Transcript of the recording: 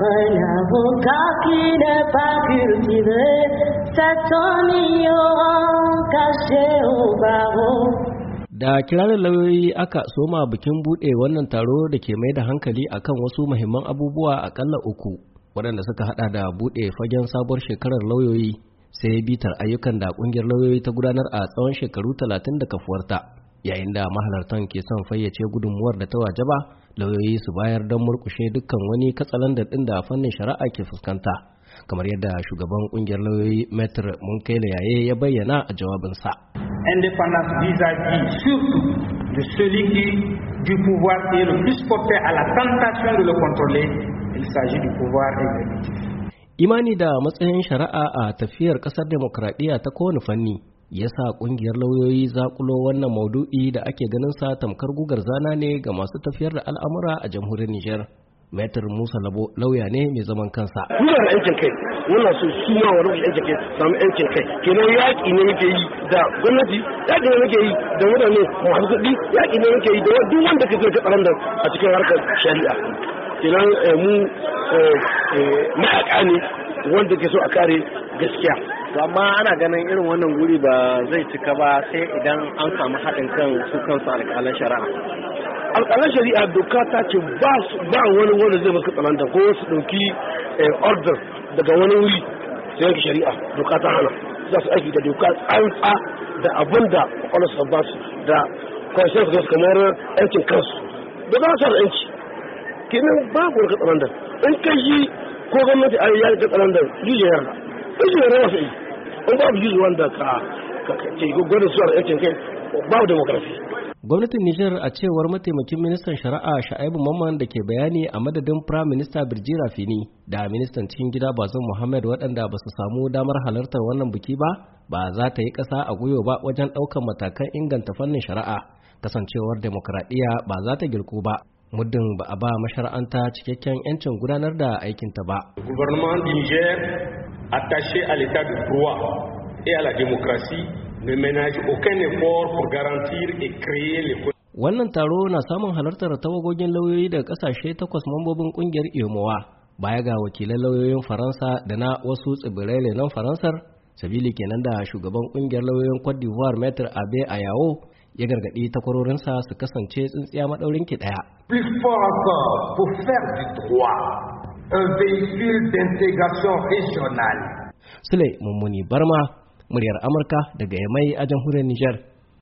Un avocat Da kirarin lauyoyi aka soma bikin buɗe wannan taro da ke mai da hankali akan wasu mahimman abubuwa akalla uku, waɗanda suka haɗa da buɗe fagen sabuwar shekarar lauyoyi sai bitar ayyukan da ƙungiyar lauyoyi ta gudanar a tsawon shekaru talatin da kafuwarta. yayin da mahalartan ke son fayyace gudunmuwar da ta wajaba lauyoyi su bayar don murkushe dukkan wani katsalandar ɗin da fannin shari'a ke fuskanta kamar yadda shugaban kungiyar lauyoyi metr munkaila yaye ya bayyana a jawabinsa indépendance vis du pouvoir est le plus porté à la tentation de le contrôler imani da matsayin shari'a a tafiyar kasar demokradiyya ta kowane fanni ya sa ƙungiyar lauyoyi zakulo wannan maudu'i da ake ganin sa tamkar gugar zana ne ga masu tafiyar da al'amura a jamhuriyar Nijar. Metar Musa Labo lauya ne mai zaman kansa. Muna da aikin kai, wannan so su ma wa rubin aikin kai, samu aikin kai. Kenan yaƙi ne muke yi da gwamnati, yaƙi ne muke yi da mutane masu kuɗi, yaƙi ne muke yi da duk wanda ke zai tsaron da a cikin harkar shari'a. Kenan eh, mu eh, eh, ma'aƙa ne wanda ke so a kare gaskiya. to amma ana ganin irin wannan guri ba zai cika ba sai idan an samu haɗin kan su kansu alƙalan shari'a alƙalan shari'a doka ta ce ba wani wanda zai maka tsananta ko su ɗauki eh, order daga wani wuri sai yanki shari'a doka ta hana za su aiki da doka tsantsa da abin da kwakwalwarsu ba su da kwanciyarsu su kamar yankin kansu da za su yanki kenan babu wani katsalandan in ka yi ko gwamnati a yi ya katsalandan yi yarda gwamnatin Nijar a cewar mataimakin ministan shari'a Sha'ibu Mamman da ke bayani a madadin Prime Minister Birjira Fini da ministan cikin gida Basu Muhammad waɗanda ba su samu damar halartar wannan biki ba ba za ta yi ƙasa a gwiwa ba wajen ɗaukar matakan inganta fannin shari'a kasancewar demokradiyya ba za ta girku ba muddin ba a ba mashara'anta cikakken 'yancin gudanar da aikinta ba. Gouvernement Niger attachés à l'état de droit et à la démocratie ne ménagent aucun effort pour garantir et créer les Wannan taro na samun halartar tawagogin lauyoyi daga ƙasashe takwas mambobin kungiyar EMOA baya ga wakilan lauyoyin Faransa da na wasu tsibirai lenan Faransar, sabili kenan da shugaban ƙungiyar lauyoyin Cote d'Ivoire Maitre Abe Ayawo ya gargaɗi takwarorinsa su kasance tsintsiya maɗaurinki ɗaya. Plus fort encore pour faire du un véhicule d'intégration régionale. Sule Mummuni Barma, muryar Amurka daga Yamai a jamhuriyar Nijar.